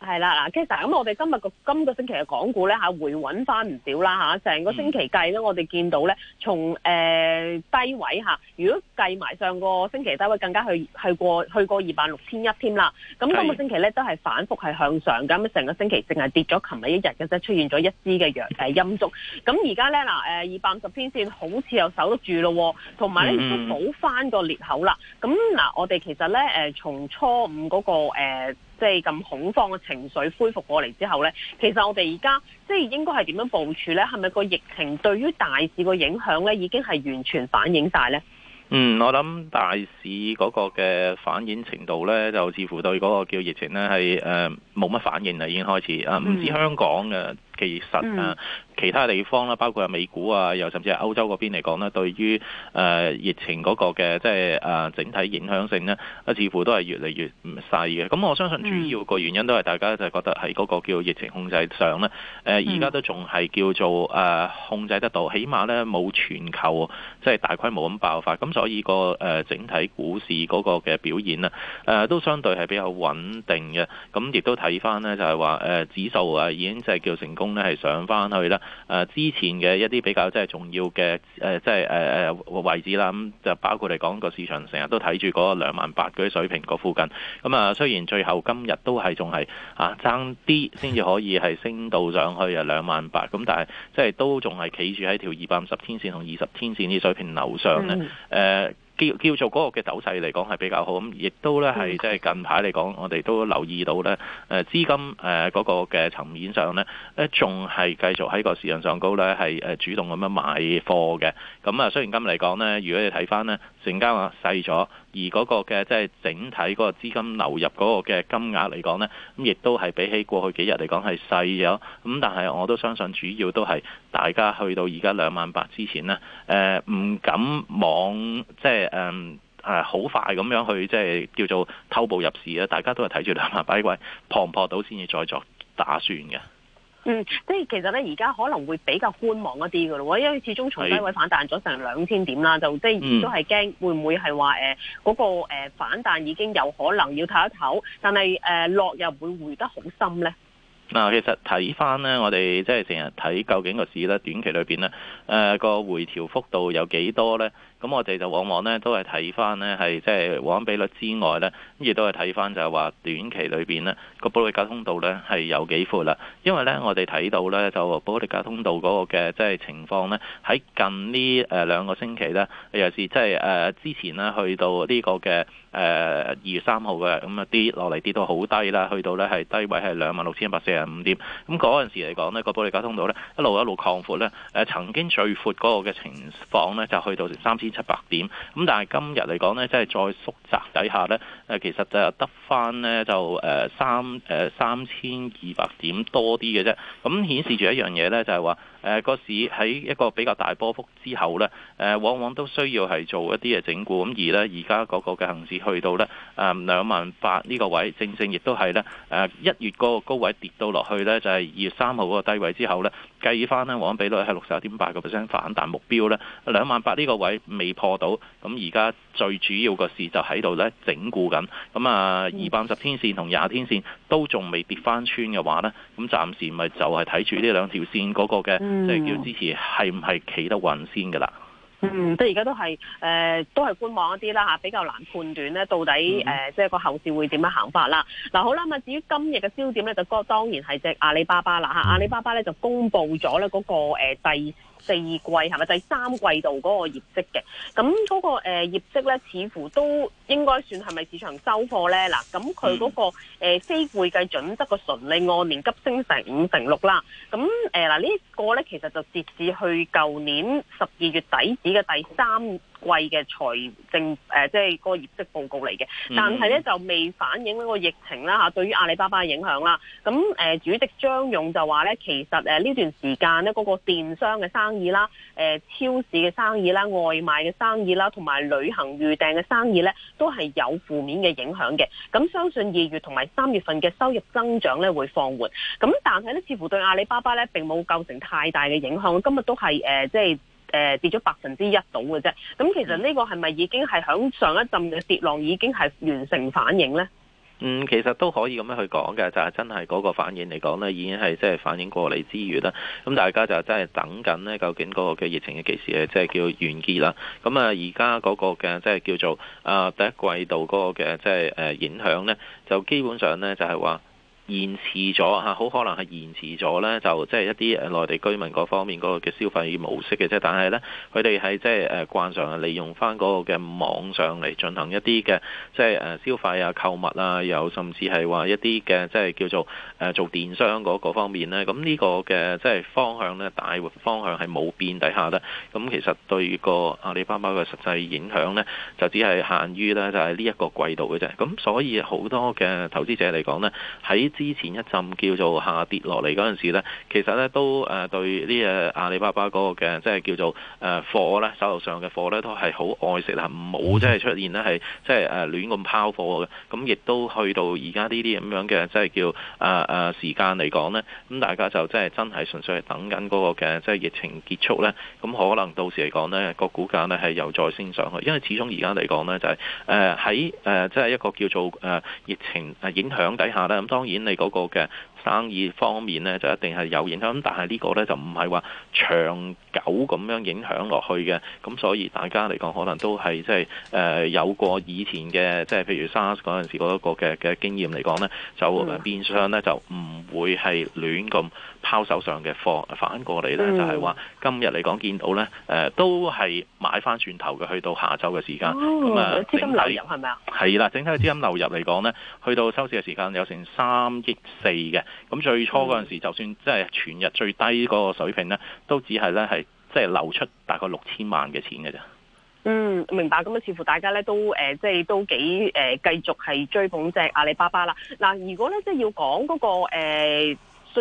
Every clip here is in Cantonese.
係啦，嗱 k 咁我哋今日個今、這個星期嘅港股咧，吓回穩翻唔少啦，吓成個星期計咧，嗯、我哋見到咧，從、呃、誒低位吓，如果計埋上個星期低位更加去去過去過二萬六千一添啦，咁今個星期咧都係反覆係向上㗎。咁成個星期淨係跌咗琴日一日嘅，啫，出現咗一支嘅陽誒陰燭，咁而家咧嗱，誒二百五十天線好似又守得住咯，同埋咧都補翻個裂口啦，咁嗱、呃，我哋其實咧，誒、呃、從初五嗰、那個誒。呃即係咁恐慌嘅情緒恢復過嚟之後呢，其實我哋而家即係應該係點樣部署呢？係咪個疫情對於大市個影響呢已經係完全反映晒呢？嗯，我諗大市嗰個嘅反映程度呢，就似乎對嗰個叫疫情呢係誒冇乜反應啦，已經開始啊，唔止香港嘅。嗯其實啊，其他地方啦，包括啊美股啊，又甚至係歐洲嗰邊嚟講咧，對於誒疫情嗰個嘅即係誒整體影響性呢，啊似乎都係越嚟越細嘅。咁我相信主要個原因都係大家就係覺得係嗰個叫疫情控制上咧，誒而家都仲係叫做誒控制得到，起碼呢冇全球即係大規模咁爆發。咁所以個誒整體股市嗰個嘅表現呢，誒都相對係比較穩定嘅。咁亦都睇翻呢，就係話誒指數啊已經即係叫成功。咧係上返去啦，誒、啊、之前嘅一啲比較即係重要嘅誒，即係誒誒位置啦，咁就包括嚟講個市場成日都睇住嗰兩萬八嗰啲水平嗰附近，咁啊雖然最後今日都係仲係啊爭啲先至可以係升到上去 28, 000, 啊兩萬八，咁但係即係都仲係企住喺條二百五十天線同二十天線啲水平樓上呢，誒、嗯。啊叫叫做嗰個嘅走勢嚟講係比較好，咁亦都咧係即係近排嚟講，我哋都留意到咧，誒資金誒嗰個嘅層面上咧，誒仲係繼續喺個市場上高咧，係誒主動咁樣買貨嘅。咁啊，雖然今日嚟講咧，如果你睇返咧。成交額細咗，而嗰個嘅即係整體嗰個資金流入嗰個嘅金額嚟講呢，咁亦都係比起過去幾日嚟講係細咗。咁但係我都相信主要都係大家去到而家兩萬八之前呢，誒唔敢妄即係誒好快咁樣去即係叫做偷步入市啊！大家都係睇住兩萬八呢位磅唔破到先至再作打算嘅。嗯，即係其實咧，而家可能會比較觀望一啲噶咯，因為始終從低位反彈咗成兩千點啦，是就即係都係驚會唔會係話誒嗰個誒反彈已經有可能要唞一唞，但係誒、呃、落又唔會回得好深咧？嗱，其實睇翻咧，我哋即係成日睇究竟個市咧，短期裏邊咧誒個回調幅度有幾多咧？咁我哋就往往呢都係睇翻呢，係即係往比率之外呢，亦都係睇翻就係話短期裏邊呢個保力加通道呢，係有幾闊啦。因為呢，我哋睇到呢就保力加通道嗰個嘅即係情況呢，喺近呢誒兩個星期呢尤其是即係之前呢去到呢個嘅誒二月三號嘅咁啊跌落嚟跌到好低啦，去到呢係低位係兩萬六千一百四十五點。咁嗰陣時嚟講呢，個保力加通道呢，一路一路擴闊呢，曾經最闊嗰個嘅情況呢，就去到三千。七百點，咁但係今日嚟講咧，即係再縮窄底下咧，誒，其實就係得翻咧，就誒三誒三千二百點多啲嘅啫，咁、嗯、顯示住一樣嘢咧，就係話。誒個、啊、市喺一個比較大波幅之後呢誒、啊、往往都需要係做一啲嘅整固，咁而呢而家嗰個嘅恆指去到呢誒兩萬八呢個位，正正亦都係呢誒一、啊、月嗰個高位跌到落去呢就係、是、二月三號嗰個低位之後呢計翻呢，往比率係六十二點八個 percent 反彈目標呢，兩萬八呢個位未破到，咁而家。最主要嘅事就喺度咧整固緊，咁啊二百五十天線同廿天線都仲未跌翻穿嘅話呢，咁暫時咪就係睇住呢兩條線嗰個嘅，即係叫支持係唔係企得穩先噶啦。嗯，即係而家都係誒、呃，都係觀望一啲啦嚇，比較難判斷咧，到底誒即係個後市會點樣行法啦。嗱、嗯嗯，好啦，咁啊，至於今日嘅焦點咧，就當然係隻阿里巴巴啦嚇、啊，阿里巴巴咧就公布咗咧嗰個誒、呃、第。第二季係咪第三季度嗰個業績嘅？咁嗰、那個誒、呃、業績咧，似乎都應該算係咪市場收貨咧？嗱，咁佢嗰個、嗯呃、非會計準則嘅純利按年急升成五成六啦。咁誒嗱呢個咧，其實就截至去舊年十二月底止嘅第三。貴嘅財政誒，即、呃、係、就是、個業績報告嚟嘅，但係咧就未反映呢個疫情啦嚇，對於阿里巴巴嘅影響啦。咁誒、呃、主席張勇就話咧，其實誒呢、呃、段時間咧，嗰、那個電商嘅生意啦、誒、呃、超市嘅生意啦、外賣嘅生意啦、同埋旅行預訂嘅生意咧，都係有負面嘅影響嘅。咁相信二月同埋三月份嘅收入增長咧會放緩。咁但係咧，似乎對阿里巴巴咧並冇構成太大嘅影響。今日都係誒，即、呃、係。就是誒，跌咗百分之一度嘅啫。咁其實呢個係咪已經係響上一陣嘅跌浪已經係完成反應呢？嗯，其實都可以咁樣去講嘅，就係、是、真係嗰個反應嚟講呢，已經係即係反應過嚟之馀啦。咁大家就真係等緊呢，究竟嗰個嘅疫情嘅幾時即係叫完結啦。咁啊，而家嗰個嘅即係叫做啊第一季度嗰個嘅即係誒影響呢，就基本上呢，就係話。延遲咗吓，好可能係延遲咗呢，就即係一啲誒內地居民嗰方面嗰個嘅消費模式嘅啫。但係呢，佢哋係即係誒慣常利用翻嗰個嘅網上嚟進行一啲嘅即係消費啊、購物啊，又甚至係話一啲嘅即係叫做做電商嗰個方面呢。咁呢個嘅即係方向呢，大方向係冇變底下咧。咁其實對個阿里巴巴嘅實際影響呢，就只係限於呢就係呢一個季度嘅啫。咁所以好多嘅投資者嚟講呢，喺之前一陣叫做下跌落嚟嗰陣時呢，其實呢都對呢誒阿里巴巴嗰個嘅即係叫做貨呢，手頭上嘅貨呢，都係好愛惜啦，唔好即係出現呢，係即係亂咁拋貨嘅。咁亦都去到而家呢啲咁樣嘅即係叫時間嚟講呢。咁大家就即係真係純粹係等緊嗰個嘅即係疫情結束呢。咁可能到時嚟講呢，個股價呢係又再升上去，因為始終而家嚟講呢，就係喺即係一個叫做疫情影響底下呢。咁當然嗰個嘅生意方面呢，就一定係有影響，但係呢個呢，就唔係話長久咁樣影響落去嘅，咁所以大家嚟講，可能都係即係誒有過以前嘅，即係譬如 SARS 嗰陣時嗰個嘅嘅經驗嚟講呢，就變相呢，就唔會係亂咁。拋手上嘅貨，反過嚟咧就係話、嗯、今日嚟講見到咧，誒、呃、都係買翻轉頭嘅，去到下晝嘅時間，咁啊、哦、整體資金流入係咪啊？係啦，整體嘅資金流入嚟講咧，去到收市嘅時間有成三億四嘅，咁最初嗰陣時候、嗯、就算即係全日最低嗰個水平咧，都只係咧係即係流出大概六千萬嘅錢嘅啫。嗯，明白。咁啊，似乎大家咧都誒，即、呃、係、就是、都幾誒，繼、呃、續係追捧隻阿里巴巴啦。嗱、呃，如果咧即係要講嗰、那個誒。呃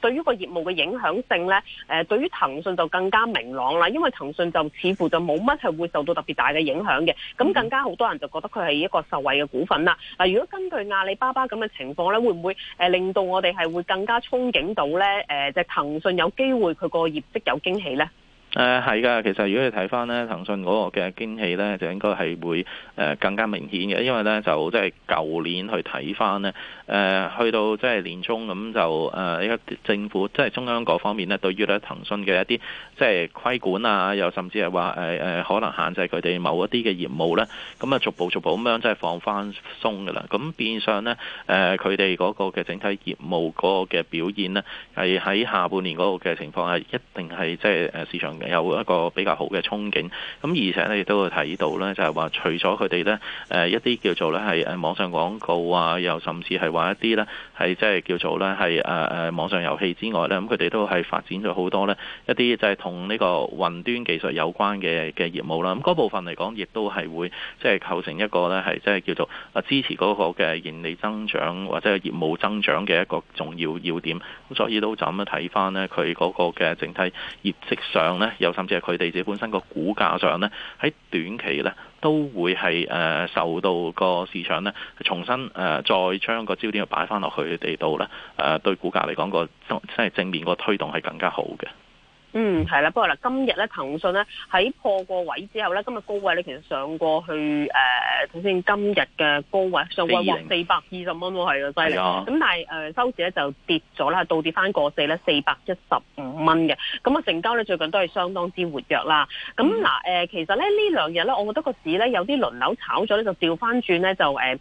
對於個業務嘅影響性咧，誒對於騰訊就更加明朗啦，因為騰訊就似乎就冇乜係會受到特別大嘅影響嘅，咁更加好多人就覺得佢係一個受惠嘅股份啦。嗱，如果根據阿里巴巴咁嘅情況咧，會唔會誒令到我哋係會更加憧憬到咧？誒、呃，即係騰訊有機會佢個業績有驚喜咧？誒，係噶，其實如果你睇翻呢騰訊嗰個嘅驚喜呢，就應該係會誒更加明顯嘅，因為呢就即係舊年去睇翻呢，誒、呃、去到即係年中咁就誒依家政府即係、就是、中央各方面呢，對於呢騰訊嘅一啲即係規管啊，又甚至係話誒誒可能限制佢哋某一啲嘅業務呢，咁啊逐步逐步咁樣即係放翻鬆噶啦，咁變相呢，誒佢哋嗰個嘅整體業務嗰個嘅表現呢，係喺下半年嗰個嘅情況係一定係即係誒市場。有一個比較好嘅憧憬，咁而且你亦都睇到咧，就係話除咗佢哋呢誒一啲叫做呢係誒網上廣告啊，又甚至係話一啲呢係即係叫做呢係誒誒網上遊戲之外呢，咁佢哋都係發展咗好多呢一啲就係同呢個雲端技術有關嘅嘅業務啦。咁嗰部分嚟講，亦都係會即係構成一個呢係即係叫做啊支持嗰個嘅盈利增長或者係業務增長嘅一個重要要點。咁所以都就咁樣睇翻呢佢嗰個嘅整體業績上呢。又甚至係佢哋自己本身個股價上呢，喺短期呢都會係誒受到個市場呢重新誒再將個焦點去擺翻落去佢哋度呢誒，對股價嚟講個真係正面個推動係更加好嘅。嗯，係啦，不過嗱，今日咧，騰訊咧喺破過位之後咧，今日高位咧其實上過去誒，首、呃、先今日嘅高位四百二十，上過四百二十蚊咯，係啊，犀利，係，咁但係誒、呃、收市咧就跌咗啦，倒跌翻個四咧四百一十五蚊嘅，咁啊成交咧最近都係相當之活躍啦，咁嗱誒，其實咧呢兩日咧，我覺得個市咧有啲輪流炒咗咧，就調翻轉咧就誒。呃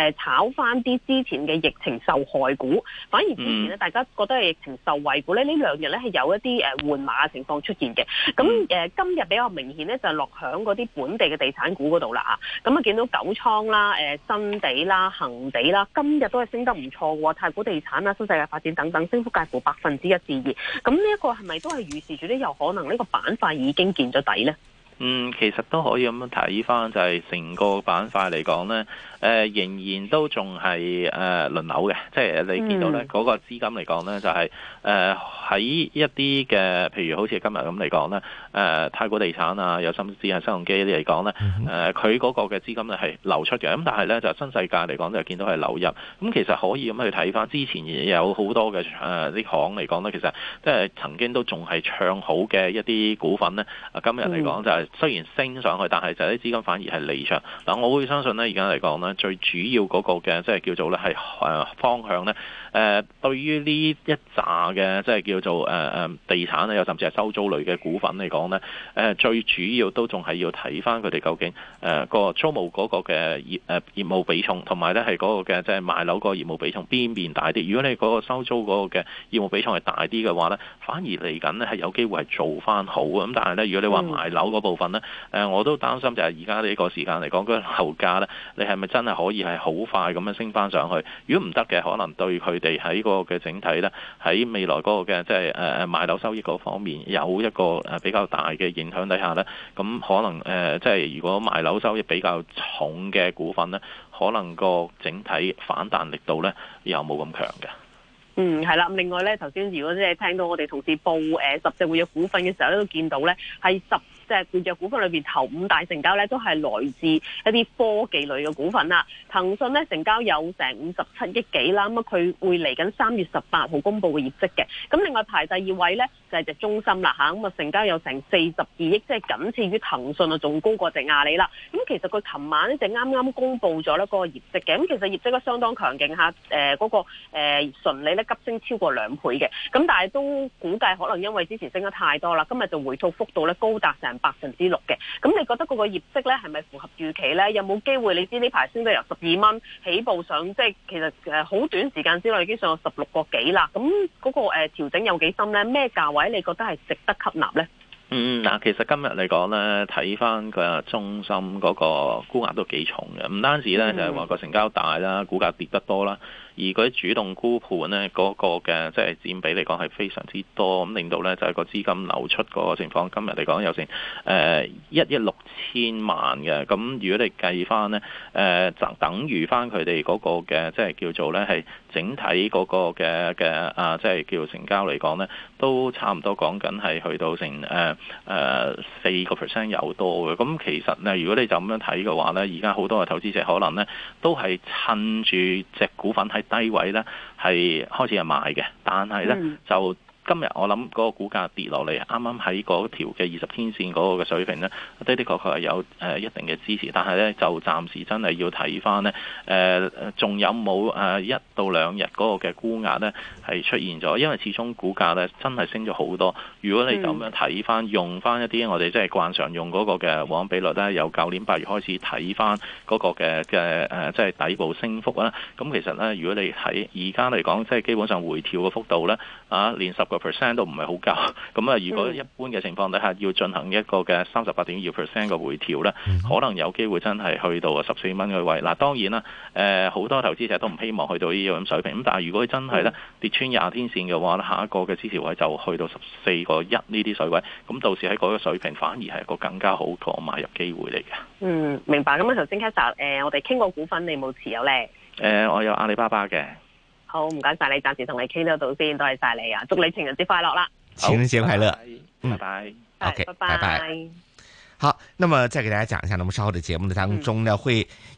誒，炒翻啲之前嘅疫情受害股，反而之前咧，大家覺得係疫情受惠股咧，呢兩日咧係有一啲誒換馬嘅情況出現嘅。咁誒，今日比較明顯咧，就落響嗰啲本地嘅地產股嗰度啦啊。咁啊，見到九倉啦、誒新地啦、恒地啦，今日都係升得唔錯喎。太古地產啦、新世界發展等等，升幅介乎百分之一至二。咁呢一個係咪都係預示住咧，有可能呢個板塊已經見咗底咧？嗯，其實都可以咁樣睇翻，就係成個板塊嚟講呢，誒、呃、仍然都仲係誒輪流嘅，即係你見到呢嗰、嗯、個資金嚟講呢，就係誒喺一啲嘅，譬如好似今日咁嚟講呢。誒、呃、太古地產啊，有甚至係，新鴻基啲嚟講呢，誒佢嗰個嘅資金呢係流出嘅，咁但係呢，就是、新世界嚟講就見到係流入，咁其實可以咁去睇翻，之前有好多嘅誒啲行嚟講呢，其實即係曾經都仲係唱好嘅一啲股份呢。今日嚟講就係雖然升上去，但係就啲資金反而係離場。嗱，我會相信呢，而家嚟講呢，最主要嗰個嘅即係叫做呢，係方向呢。誒、呃、對於呢一紮嘅即係叫做誒、呃、地產又甚至係收租類嘅股份嚟講咧，誒、呃、最主要都仲係要睇翻佢哋究竟誒個、呃、租務嗰個嘅業誒、呃、業務比重，同埋咧係嗰個嘅即係賣樓嗰個業務比重邊邊大啲。如果你嗰個收租嗰個嘅業務比重係大啲嘅話咧，反而嚟緊咧係有機會係做翻好。咁但係咧，如果你話賣樓嗰部分咧、呃，我都擔心就係而家呢個時間嚟講，嗰、那個樓價咧，你係咪真係可以係好快咁樣升翻上去？如果唔得嘅，可能對佢哋喺個嘅整體呢，喺未來嗰個嘅即係誒賣樓收益嗰方面有一個誒比較大嘅影響底下呢，咁可能誒即係如果賣樓收益比較重嘅股份呢，可能個整體反彈力度呢，又冇咁強嘅。嗯，係啦。另外呢，頭先如果即係聽到我哋同事報誒十隻護嘅股份嘅時候呢，都見到呢係十。即係活躍股份裏邊頭五大成交咧，都係來自一啲科技類嘅股份啦。騰訊咧，成交有成五十七億幾啦，咁啊佢會嚟緊三月十八號公布嘅業績嘅。咁、嗯、另外排第二位咧，就值中心啦嚇，咁、嗯、啊成交有成四十二億，即係僅次於騰訊啊，仲高過阿里啦。咁、嗯、其實佢琴晚呢只啱啱公布咗咧嗰個業績嘅，咁、嗯、其實業績都相當強勁嚇，誒、呃、嗰、那個誒、呃、純利咧急升超過兩倍嘅，咁、嗯、但係都估計可能因為之前升得太多啦，今日就回吐幅度咧高達成百分之六嘅。咁、嗯、你覺得嗰個業績咧係咪符合預期咧？有冇機會你知呢排升到由十二蚊起步上，即、就、係、是、其實誒好短時間之內已經上到十六個幾啦。咁嗰個誒調整有幾深咧？咩價位？位你覺得係值得吸納咧？嗯，嗱，其實今日嚟講咧，睇翻佢中心嗰個沽壓都幾重嘅，唔單止咧，就係話個成交大啦，股價跌得多啦。而佢啲主動沽盤咧，嗰、那個嘅即係佔比嚟講係非常之多，咁令到咧就係、是、個資金流出嗰個情況。今日嚟講有成誒一億六千萬嘅，咁如果你計返咧誒就等於返佢哋嗰個嘅即係叫做咧係整體嗰個嘅嘅啊，即、就、係、是、叫成交嚟講咧，都差唔多講緊係去到成誒誒四個 percent 有多嘅。咁其實咧，如果你就咁樣睇嘅話咧，而家好多嘅投資者可能咧都係趁住隻股份喺低位咧係開始係賣嘅，但係咧就。嗯今日我諗嗰個股價跌落嚟，啱啱喺嗰條嘅二十天線嗰個嘅水平呢，的的確確係有一定嘅支持。但係呢，就暫時真係要睇翻呢，仲、呃、有冇一到兩日嗰個嘅沽壓呢，係出現咗。因為始終股價呢真係升咗好多。如果你咁樣睇翻，用翻一啲我哋即係慣常用嗰個嘅黃比率呢，由九年八月開始睇翻嗰個嘅嘅即係底部升幅啦。咁其實呢，如果你喺而家嚟講，即、就、係、是、基本上回調嘅幅度呢，啊連十個 percent 都唔係好夠，咁啊，如果一般嘅情況底下要進行一個嘅三十八點二 percent 嘅回調咧，可能有機會真係去到十四蚊嘅位。嗱，當然啦，誒好多投資者都唔希望去到呢樣咁水平。咁但係如果真係咧，跌穿廿天線嘅話呢，下一個嘅支持位就去到十四個一呢啲水位。咁到時喺嗰個水平反而係一個更加好個買入機會嚟嘅。嗯，明白。咁啊，頭先 Cassie，誒我哋傾過股份，你有冇持有咧？誒，我有阿里巴巴嘅。好，唔該晒你，暫時同你傾到度先，多謝晒你啊！祝你情人節快樂啦！好情人節快樂，嗯，拜拜，OK，拜拜，好。那麼再給大家講一下，那麼稍後的節目呢，當中呢會。嗯